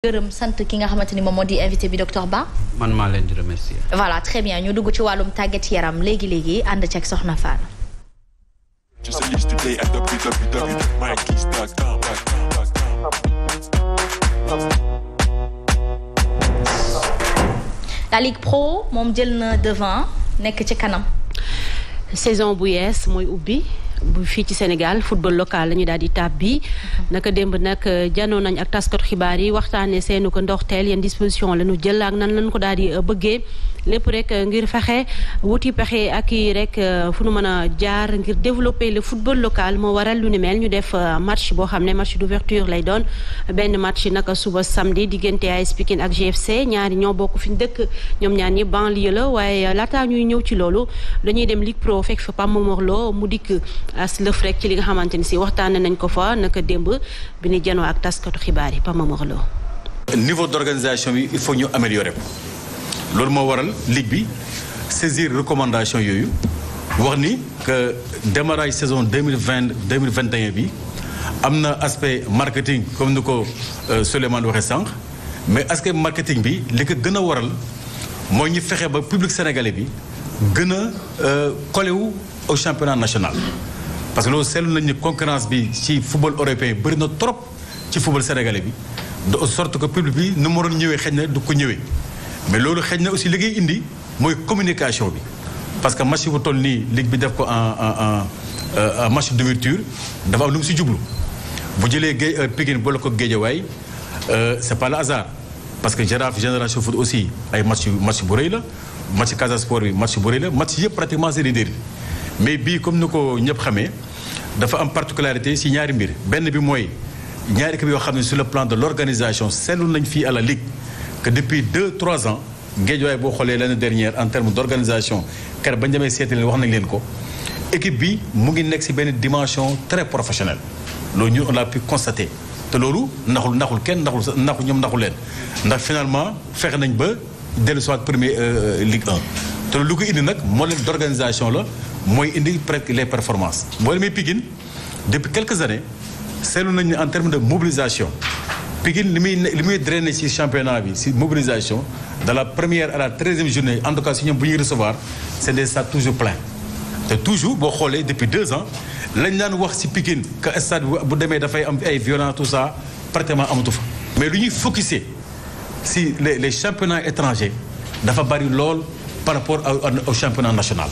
gërëm sant ki nga xamante ni moom moo di invité bi docteur Ba. man maa leen di remercier. voilà très bien ñu dugg ci wàllum tàggat yaram léegi léegi ànd ceeg Soxna Fall. la Ligue Pro moom jël na devant nekk ci kanam. saison bu yees mooy ubbi. bu fii ci Sénégal football local la ñu daal di taab bi naka démb nag euh, janoon nañ ak taskat xibaar yi waxtaanee seenu ko ndoxteel yan disposition la ñu jël ak nan lañ ko daal di euh, bëggee lépp rek euh, ngir fexe wuti pexe ak i rek fu nu mën a jaar ngir développer le football local moo waral lu ni mel ñu def match boo xam ne match d'ouverture lay doon benn match naka suba samedi diggante AS Pikine ak GFC ñaari ñoo bokk fi ñu dëkk ñoom ñaar ñi banlieue la waaye laataa ñuy ñëw ci loolu dañuy dem Ligue Pro fekk mu dikk as lëf rek ci li nga xamante ni si waxtaane nañ ko fa naka démb bi ñu janoo ak taskatu xibaar yi Pama Morlo. niveau d'organisation bi il faut ñu améliorer loolu moo waral ligue bi saisir recommandation yooyu wax ni que démarrage saison deux mille vingt deux mille vingt bi am na aspect marketing comme ni ko euh, Souleymane waxee sànq mais aspect marketing bi li ko gën a waral mooy ñu fexe ba public sénégalais bi gën a euh, collé wu au championnat national. parce que loolu seetlu nañ ne concurrence bi ci football européen bëri na trop ci football sénégalais bi de sorte que public bi nu mu waroon ñëwee xëy na du ko ñëwee mais loolu xëy na aussi liggéey indi mooy communication bi parce que match bu toll nii ligue bi def ko en en en euh, match d'ouverture dafa am lu mu si jublu bu jëlee géej euh, Pikine boole ko Guédiawaye euh, c'est pas le hasard parce que Jaraaf Génération Foot aussi ay match match bu rëy la match Casa Sport bi match bu rëy la match yëpp mais bii comme ni ko ñëpp xamee dafa am particularité si ñaari mbir benn bi mooy ñaari équipe yoo xam ne sur le plan de l' organisation nañ fii à la ligue que depuis deux trois ans Guédiawaye boo xolee l'année dernière en terme d' organisation car bañ demee seeti leen wax nañ leen ko équipe bi mu ngi nekk si benn dimension très professionnelle loolu ñu on a pu constater te loolu naxul naxul kenn naxul sa naxul ñoom naxul leen ndax finalement fexe nañ ba dellu soit premier euh, Ligue 1 te lu indi nag modèle d' la mooy indi presque les performances mooy li muy Pikine depuis quelques années seetlu nañu en termes de mobilisation Pikine li muy li muy drainer ci championnat bi ci mobilisation de la première à la treizième journée en tout cas si ñoom bu ñuy recevoir c'est des stades toujours pleins te toujours boo xoolee depuis deux ans lañ daan wax ci Pikine que stade bu demee dafay am ay violence tout ça pratiquement amatu fa mais lu ñuy focusé si les les championnats étrangers dafa bari lool par rapport au championnat national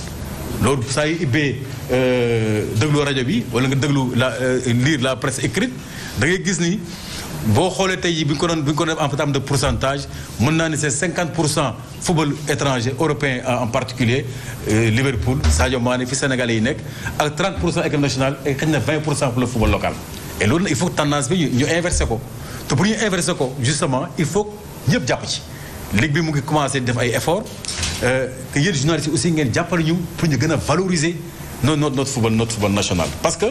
loolu saa yu ibbee euh, déglu rajo bi wala nga déglu la euh, liir la presse écrite da ngay gis ni boo xoolee tey bi ñu ko doon bi ñu ko doon en terme de pourcentage mën naa ne c'est 50 pour cent football étranger européen euh, en particulier Liverpool Sadio Mané fi Sénégalais yi nekk ak 30 pour cent équipe nationale et xëy na 20 pour cent pour local. et loolu nag il faut tendance bi ñu inversé ko te pour ñu inversé ko justement il faut ñëpp jàpp ci ligue bi mu ngi commencé def ay efforts. Euh, que yéen journalistes aussi ngeen jàppale ñu pour ñu gën a valoriser non notre notre football notre football national. parce que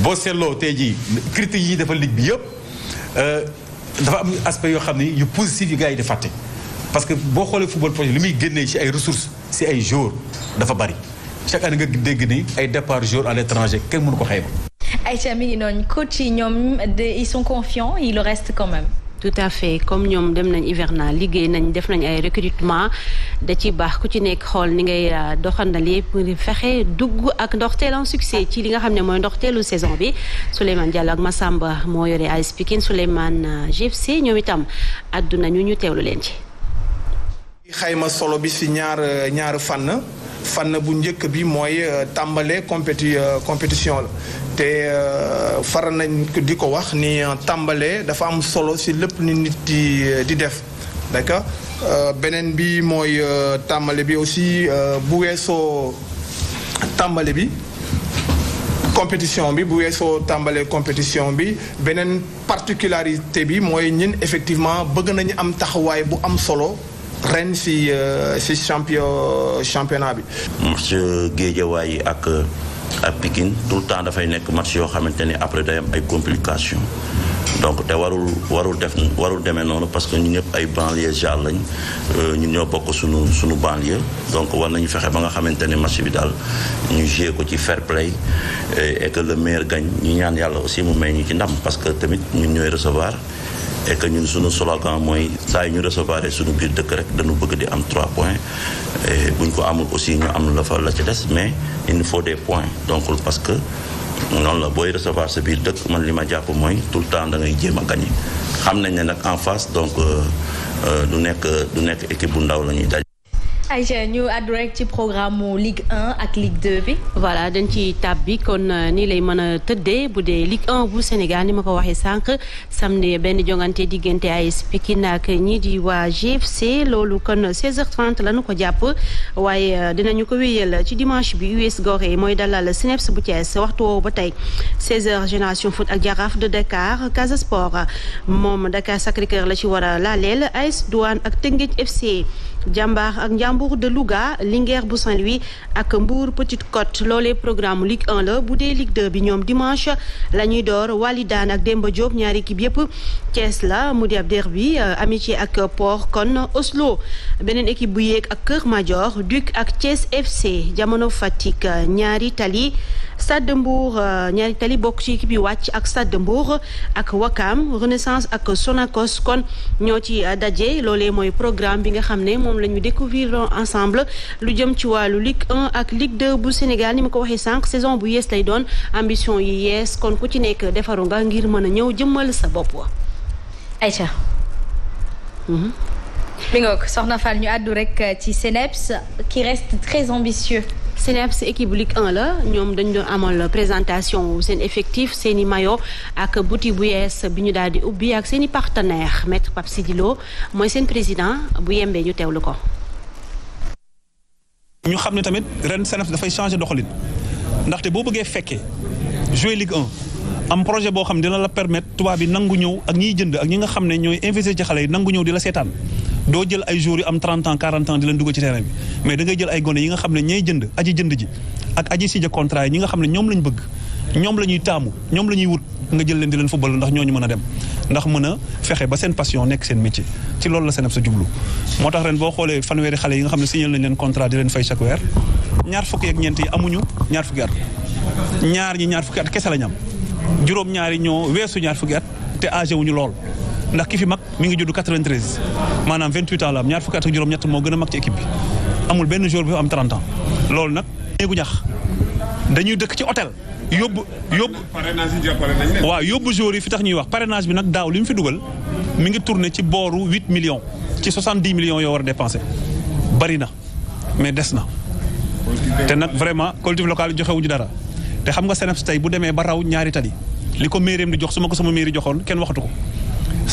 boo seetloo tey jii critiques yi dafa ligue bi yëpp euh, dafa am aspect yoo xam ni yu positif yu gars yi di fàtte parce que boo xoolee football projet li muy génnee ci ay ressources ci ay joueurs dafa bari chaque année nga dégg ni ay départ joueurs à l'étranger kenn mënu ko xayma. Aïcha mi ngi noonu coach yi ñoom ils sont confiants il reste quand même. tout à fait comme ñoom dem nañu hivernal liggéey nañ def nañ ay recrutement da ci baax ku ci nekk xool ni ngay euh, doxandalee pour fexe dugg ak ndoxteel en succès ci li nga xam ne mooy ndox ndoxteelu saison bi Souleymane Diallo ak ma Massamba moo yore AS Pikine Souleymane euh, GFC ñoom itam àdduna ñu ñu teewlu leen ci xayma solo bi si ñaar euh, ñaar fànn fànn bu njëkk bi mooy euh, tàmbale compéti euh, compétition la te faral nañ di ko wax ni tàmbalee dafa am solo si lépp ni nit di di def d'accord beneen bi mooy tàmbale bi aussi bu weesoo tàmbale bi compétition bi bu weesoo tàmbalee compétition bi beneen particularité bi mooy ñin effectivement bëgg nañu am taxawaay bu am solo ren si euh, si champion championnat bi. match Guédiawaye ak ak Pikine tout le temps dafay nekk match yoo xamante ne après day am ay complication donc te warul warul def warul demee noonu parce que ñu ñëpp ay banlieue genre lañ euh, ñu ñoo bokk suñu suñu banlieue donc war nañu fexe ba nga xamante ne match bi daal ñu joué ko ci fair play et que le meilleur gagne ñu ñaan yàlla aussi mu may ñu ci ndam parce que tamit ñun ñooy recevoir. et que ñun suñu slogan mooy saa yi ñu recevoir suñu biir dëkk rek dañu bëgg di am trois points et buñ ko amul aussi ñu am la fa la ci des mais il faut des points donc parce que noonu la booy recevoir sa biir dëkk man li ma jàpp mooy tout le temps da ngay jéem a gagné xam nañ ne nag en face donc euh, euh, du nekk du nekk équipe bu ndaw la ñuy daj Aïcha ñu àddu ci programme mu Ligue ak Ligue 2 bi. voilà dañ ci tab bi kon euh, nii lay mën a tëddee bu dee Ligue 1 bu Sénégal ni ma ko waxee sànq samedi benn jongante diggante ay Pikine ak ñii di waa GFC loolu kon 16 h la ñu ko jàpp waaye euh, dinañu ko wéyal ci dimanche bi US Gorée mooy dalal CNEPS bu Thiès waxtu woowu ba tey 16h Génération Foot ak Jaraaf de Dakar Casa Sport moom Dakar Sacré-Cœur la ci war a laaleel AS Douane ak Teungueth FC jàmbaar ak Mbour de Louga Linguère bu Saint-Louis ak Mbour Petite Côte loolee programme Ligue en le bu dee Ligue bi ñoom dimanche la ñuy door Walidaan ak Demba Diop ñaari équipe yëpp Thiès la mu di ab derby euh, Amitié ak Port kon Oslo beneen équipe bu yéeg ak Kër Madior Duc ak Thiès FC jamono Fatick euh, ñaari tali. Stade de Mbour euh, ñaari tali bokk ci équipe wàcc ak Stade de ak Wakam Renaissance ak Sonacos kon ñoo ci euh, daje loolee mooy programme bi nga xam ne moom la ñu découvrir ensemble lu jëm ci wàllu Ligue ak Ligue 2 bu Sénégal ni ma ko waxee sànq saison bu yees lay doon ambition yi yees kon ku ci nekk defaru nga ngir mën a ñëw jëmmal sa bopp wa mhm. soxna Fall ñu àddu rek ci CNEPS qui CNEPS équipe Ligue 1 la ñoom dañ doon amal présentation seen effectif seeni mayo ak boutique bu yees bi ñu daal di ubbi ak seen i partenaire maître Pape Sidi Lo mooy seen président bu yembee ñu teewlu ko. ñu xam ne tamit ren CNEPS dafay changer doxalin ndaxte boo bëggee fekkee jouer Ligue 1. am projet boo xam ne dina la permettre tubaab bi nangu ñëw ak ñiy jënd ak ñi nga xam ne ñooy investir ci xale yi nangu ñëw di la seetaan doo jël ay jours yu am 30 ans 40 di leen dugg ci terrain bi mais da ngay jël ay gone yi nga xam ne ñay jënd aji jënd ji ak aji sija contrat yi ñi nga xam ne ñoom lañu bëgg ñoom la ñuy taamu ñoom la ñuy wut nga jël leen di leen football ndax ñooñu mën a dem ndax mën a fexe ba seen passion nekk seen métier ci lool la Senebs sa jublu moo tax ren boo xoolee fanweeri xale yi nga xam ne signal nañ leen contrat di leen fay chaque ñaar fukki ak ñeent yi amuñu ñaar fukki at ñaar ñi ñaar fukki kese la ñam juróom ñaari ñoo weesu ñaar fukki at te âgé wuñu lool ndax ki fi mag mi ngi judd 93 maanaam 28 ans la am ñaar fukki at ak juróom-ñett moo gën a mag ci équipe bi amul benn jour bi am 30 ans loolu nag néegu ñax dañuy dëkk ci hôtel yóbbu yóbbu waaw yóbbu jour yi fi tax ñuy wax parrainage bi nag daaw li mu fi dugal mi ngi tourné ci booru 8 millions ci 70 millions yoo war a dépensé bari na mais des na te nag vraiment collectif local joxewuñu dara te xam nga SNEIPS tey bu demee ba raw ñaari tali li ko mairie di jox su ma ko sama mairie joxoon kenn waxatu ko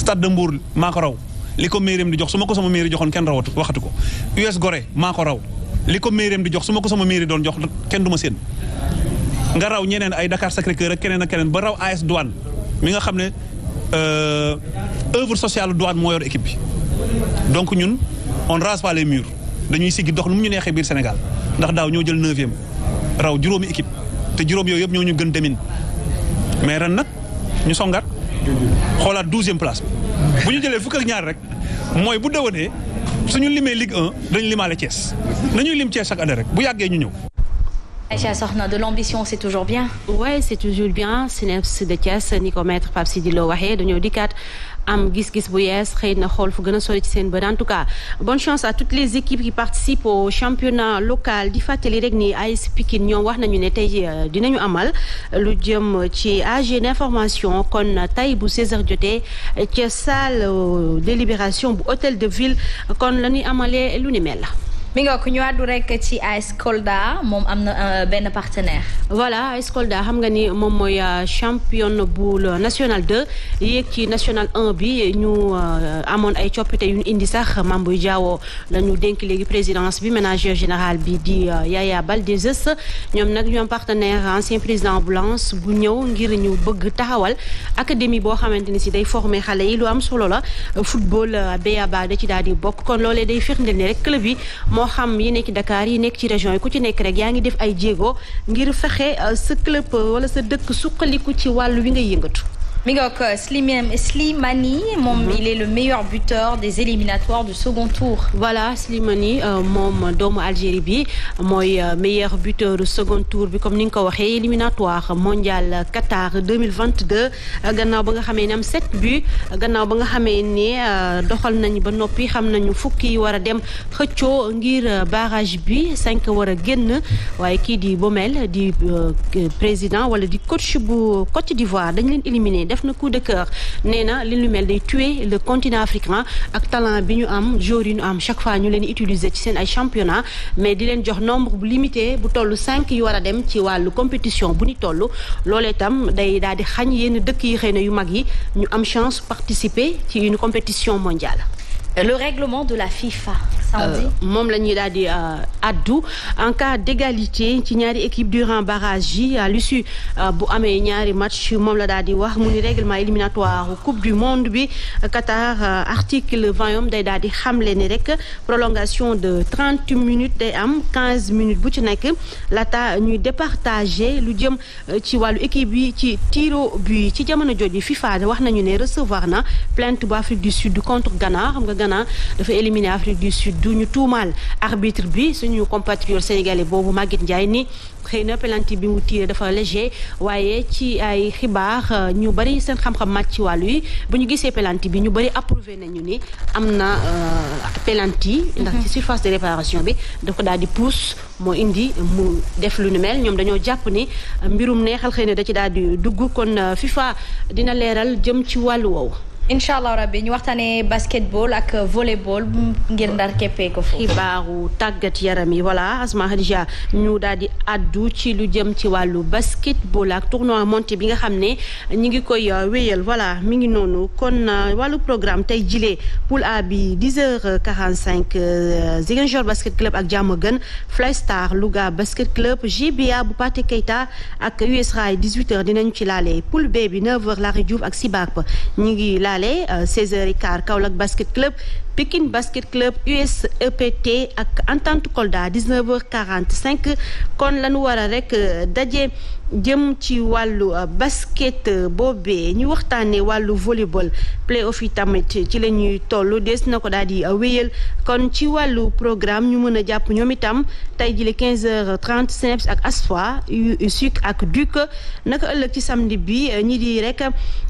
stade de Mbour maa raw li ko mairie di jox su ma ko sama mairie joxoon kenn rawatu waxatu ko US maa ko raw li ko mairie di jox su ma ko sama mairie doon jox kenn du ma séen nga raw ñeneen ay Dakar Sacré-Cœur ak keneen ak keneen ba raw AS Douane mi nga xam ne euh, œuvre sociale Douane moo yor équipe bi donc ñun on rase pas dañuy siggi dox nu mu ñu neexee biir Sénégal ndax daaw ñoo jël neuvième raw juróomi équipe te juróom yooyu yëpp ñoo ñu gën demin mais ren nag ñu songaat. xoolaat douzième place bi bu ñu jëlee fukk ñaar rek mooy bu su ñu limee Ligue 1 dañu limaale Thiès nañuy lim Thiès chaque année rek bu yàggee ñu ñëw Aïcha eh, Soxna de l'ambition c'est toujours bien. ouais c'est toujours bien CNEPS de Thiès ni ko maître Pape Sidi Lo dañoo dikkaat am gis-gis bu yees xëy na xool fu gën a sori ci seen bët en tout cas bonne chance à toutes les équipes qui participent au championnat local di fàttali rek ni AS Pikine ñoom wax nañu ne tey euh, dinañu amal lu jëm ci AG d'information kon tey bu 16h jotee ca salle euh, délibération bu hôtel de ville kon lañuy amale lu ni mel. mi nga ko ñu àddu rek ci AS Kolda moom am na euh, benn partenaire. voilà AS Kolda xam nga ni moom mooy euh, championne bu national de yéeg ci national 1 bi ñu euh, amoon ay coppite yu ñu indi sax Mamboy Diawo la ñu dénk léegi présidence bi ménageur général bi di yaayaabal Baldé Zeus ñoom nag ñu am partenaire ancien président Blanche bu ñëw ngir ñu bëgg taxawal académie boo xamante ni si day former xale yi lu am solo la football ba da ci daal di bokk kon loolee xam yi nekk dakaar yi nekk ci région yi ku ci nekk rek yaa ngi def ay jéego ngir fexe euh, sa club wala sa dëkk suqaliku ci wàll wi ngay yëngatu mi ngi ko Slimani moom mhm. il est le meilleur buteur des éliminatoires du second tour. voilà Slimani euh, moom doomu Algérie bi mooy euh, meilleur buteur du second tour bi comme ni nga ko waxee éliminatoire mondial Qatar deux mille vingt deux euh, gannaaw ba nga xamee ne am sept buts gannaaw ba nga xamee ne doxal nañu ba noppi xam nañu fukki yi war a dem xëccoo ngir barrage bi cinq war a génn waaye kii di Baumel di président wala di coach bu Côte d'Ivoire dañ leen éliminer. def na coup de cœur nee na li lu mel day tuer le continent africain ak talent bi ñu am joueur yi ñu am chaque fois ñu leen utiliser ci seen ay championnat mais di leen jox nombre bu limité bu toll cinq yu war a dem ci wàllu compétition bu ñu toll loole itam day daal di xañ yenn dëkk yi xëy na yu mag yi ñu am chance participer ci une compétition mondiale. Le règlement de la FIFA. Euh, moom la ñuy daal di euh, addu en cas d'égalité ci ñaari équipe durant barrage yi à l'issue euh, bu amee ñaari match moom la daal di wax mu ni règlement éliminatoire coupe du monde bi Qatar article vingt yom day daal di xamle ni rek prolongation de trente minutes day am quinze minutes bu ci nekk laata ñuy départager lu jëm ci wàllu équipe yi ci tiro bi ci jamono jooju FIFA wax nañu ne recevoir na plainte bu Afrique du Sud contre Ghana xam nga Ghana dafa éliminer Afrique du ñu tuumaal arbitre bi suñu compatriote sénégalais boobu Maguette Ndiaye ni xëy na pelanti bi mu tiré dafa léger waaye ci ay xibaar euh, ñu bari seen xam-xam màcc ci wàllu yi bu ñu gisee pelanti bi ñu bari approuvé nañu ni am na euh, penalty mhm. ndax ci surface de réparation bi daf ko daal di pousse moo indi mu def lu nu mel ñoom dañoo jàpp ni euh, mbirum neexal xëy na da ci daal di dugg kon FIFA dina leeral jëm ci wàllu woowu incha allah rabbi ñu waxtaanee basketball ak volleyball ngir ndar keppee ko foofu. xibaaru tàggat yaram yi voilà Asma Hadija ñu daal di addu ci lu jëm ci wàllu basketball ak tournoi monté bi nga xam ne ñu ngi koy euh, wéyal voilà mi ngi noonu kon euh, wàllu programme tey jilee poule A bi 10h45 euh, Ziguinchor basket club ak Diamaguène Fly Star Louga basket club GBA bu Pathé Keita ak US Rail 18h dinañu ci laale poule B bi 9h ak Sibaap ñu ngi laale Saale 16h15 eh, Kaolack basket club Pikine basket club USEPT ak Entente Kolda 19 h cinq kon lanu war a rek eh, daje. jëm ci wàllu euh, basket euh, bobe ñu waxtaanee wàllu volleyball play-off yi tamit ci la ñuy toll des na ko daal di euh, kon ci wàllu programme ñu mën a jàpp ñoom itam tey jii le 15h30 ak ASFA USUC ak DUC naka ëllëg ci samedi bi ñi di rek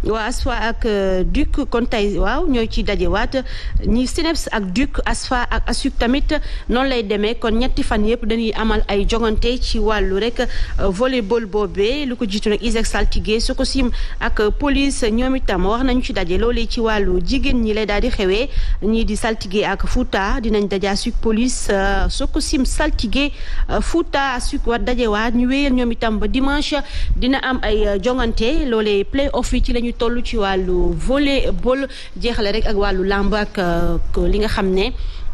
waa ASFA ak DUC kon tey waaw ñoo ci dajewaat ñi CNEPS ak DUC ASFA ak ASUC tamit noonu lay demee kon ñetti fan yëpp dañuy amal ay jongante ci wàllu rek volleyball boobu. boobee lu ko jiitu nag ISEG saltige Sococim ak police ñoom itam wax nañu ci daje loolee ci wàllu jigéen ñi lay daal di xewee ñii di saltige ak Fouta dinañ daje asug police euh, Sococim saltige euh, Fouta asug wa dajewaat ñu wéyal ñoom itam ba dimanche dina am ay euh, jongante loolee play off yi ci lañuy ñu toll ci wàllu volleyball jeexale rek ak wàllu làmb ak li nga xam ne.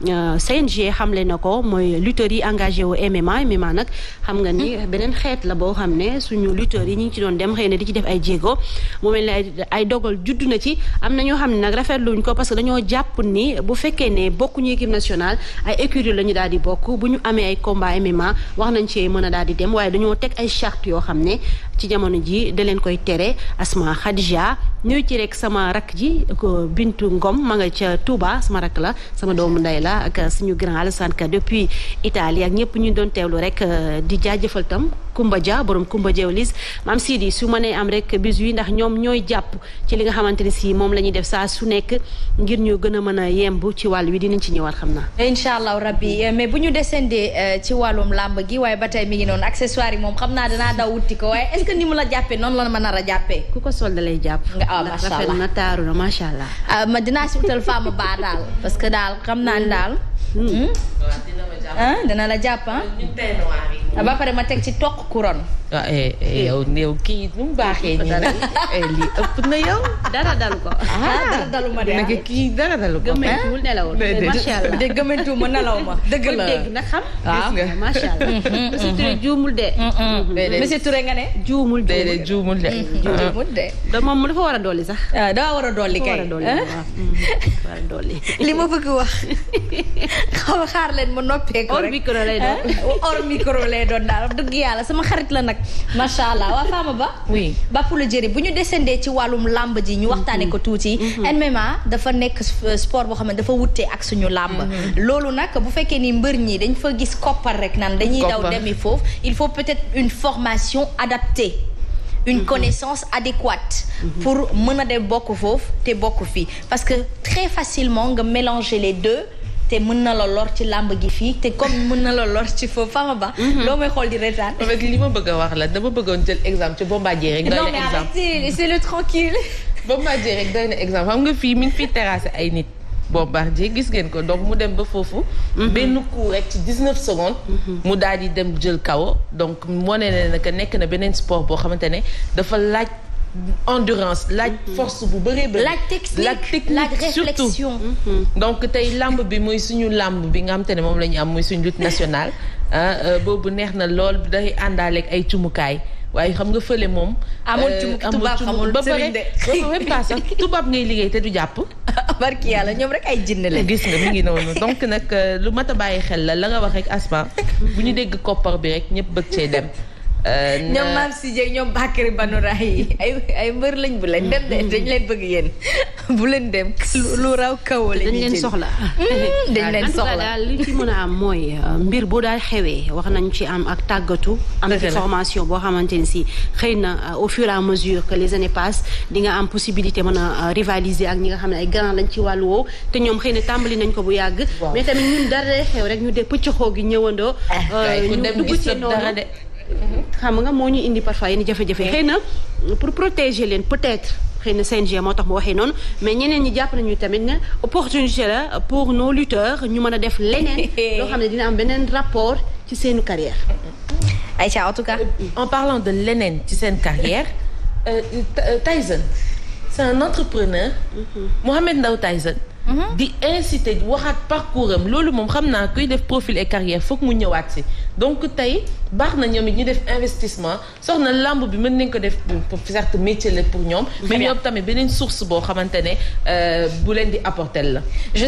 Euh, CNG xamle na ko mooy lutteurs yi engagé wu MMA MMA nag xam nga ni beneen xeet la boo xam ne suñu lutteurs yi ñu ngi ci doon dem xëy na di ci def ay jéego mu mel ay dogal juddu na ci am na ñoo xam ne nag rafetluñ ko parce que dañoo jàpp ni bu fekkee ne bokkuñu équipe nationale ay écurie la ñu daal di bokk bu ñu amee ay combat MMA wax nañ ci mën a daal di dem waaye dañoo teg ay charte yoo xam ne ci jamono ji da leen koy tere Asma Khadija ñuy ci rek sama rakk ji Bintu Ngom ma nga ca Touba sama rakk la sama doomu ndey la ak suñu grand Alassane Ka depuis Italie ak ñëpp ñu doon teewlu rek euh, di jaajëfal tam Kumba Dia borom Kumba Jewlis maam Sidi su mënee am rek bis yi ndax ñoom ñooy jàpp ci li nga xamante ne si moom la def saa su nekk ngir ñu gën a mën a yemb ci wàll wi dinañ ci ñëwaat xam naa. incha allah rabbi mais bu ñu descendee euh, ci wàllum làmb gi waaye ba tey mi ngi noonu accessoire yi moom xam naa danaa daw wuti ko waaye est-ce que ni mu la jàppee noonu la ma nar a jàppee. ku ko sol da lay jàpp. ah macha allah rafet allah. Ah, ma dinaa si utal femme ba Ah, ba pare ma teg ci toq couronne. ah eh, eh yow néew kii nu mu baaxee nii nag eh, lii ëpp na yow. dara dalu ko. ah dara ma de ah kii dara dalu ko. gëmëntuwul nelawul eh, macha allah de gëmëntuwul ma nelaw ma. dëgg la dégg na xam. waaw ah. macha allah. monsieur de. monsieur Touré nga ne. juumul de de juumul de. juumul de. donc moom dafa war a dolli sax. ah war a dolli a dolli mm-hmm. li ma bëgg wax xaw xaar leen ma noppee ko rek. lay doon daal dëgg yàlla sama xarit la nag macha allah waa Fama Ba. oui ba pour le jëri bu ñu descendee ci wàllum làmb ji ñu waxtaanee ko tuuti. MMA mm-hmm. dafa nekk euh, sport boo xam ne dafa wutee ak suñu làmb. Mm-hmm. loolu nag bu fekkee ni mbër ñi dañ fa gis koppar rek naan dañuy daw demi foofu il faut peut-être une formation adaptée. une mm -hmm. connaissance adéquate. Mm-hmm. pour mën a dem bokk foofu te bokk fii parce que très facilement nga mélanger les deux. te mën na la lor ci làmb gi fii te comme mën na la lor ci foofu Fama Ba. Mhm. loo may xool di retaan. en li ma bëgg a wax la dama bëggoon jël exemple ci Bombardier rek. doy na exemple non mais arrêtez c'est le tranquille. doy na exemple xam nga fii mi ngi fiy terrasser ay nit. Bombardier gis ngeen ko donc mu dem ba foofu. Mhm. benn coup rek ci 19 secondes. Mhm. mu daal di dem jël kawo donc moo ne ne que nekk na beneen sport boo xamante ne dafa laaj. endurance laaj mhm. force bu bëree bëri. laaj technique laaj technique surtout. Mhm. donc tey làmb bi muy suñu làmb bi nga xam te ne moom la ñu am muy suñu lutte nationale. Ah, euh, boobu neex na lool day àndaaleeg ay cumukaay waaye xam nga fële moom. amul euh, cumu tubaab amul ba pare ba tubaab ngay liggéey te du jàpp. barki yàlla ñoom rek ay jinne la gis nga mi ngi noonu donc nag euh, lu mat a bàyyi xel la la nga wax rek asma bu ñu dégg koppar bi rek ñëpp bëgg cee dem. ñoom maam si jeeg ñoom Bakary Banora yi ay ay mbër lañ bu leen dem de hmm. dañ leen bëgg yéen bu leen dem lu raw kawoo lañ leen soxla dañ leen soxla daal li ci mën a am mooy euh, mbir boo daal xewee wax nañ ci am ak tàggatu am ci formation boo xamante ni si xëy na euh, au fur et à mesure que les années passent di nga am possibilité man a euh, rivaliser ak ñi nga xam ne ay grand lañ ci wàllu woowu te ñoom xëy na tàmbali nañ ko bu yàgg mais tamit ñun dara xew rek ñu de xam nga moo ñu indi parfois yenn jafe-jafe xëy na pour protéger leen peut-être xëy na CNG moo tax mu waxee noonu mais ñeneen ñi jàpp nañu tamit ne opportunité la pour nos lutteurs ñu mën a def leneen loo xam ne dina am beneen rapport ci seenu carrière ca en tout cas euh, en parlant de leneen ci seen carrière euh, Tyson c'est un entrepreneur mm-hmm. Mohamed Ndao Tyson Mm-hmm. di inciter waxaat parcours am loolu moom xam naa kuy def profiler et carrière foog mu ñëwaat si donc tey baax na ñoom it ñu def investissement soxna làmb bi mën nañ ko def pour certes métier la pour ñoom mais ñoom tamit beneen source boo xamante ne euh, bu leen di apporter la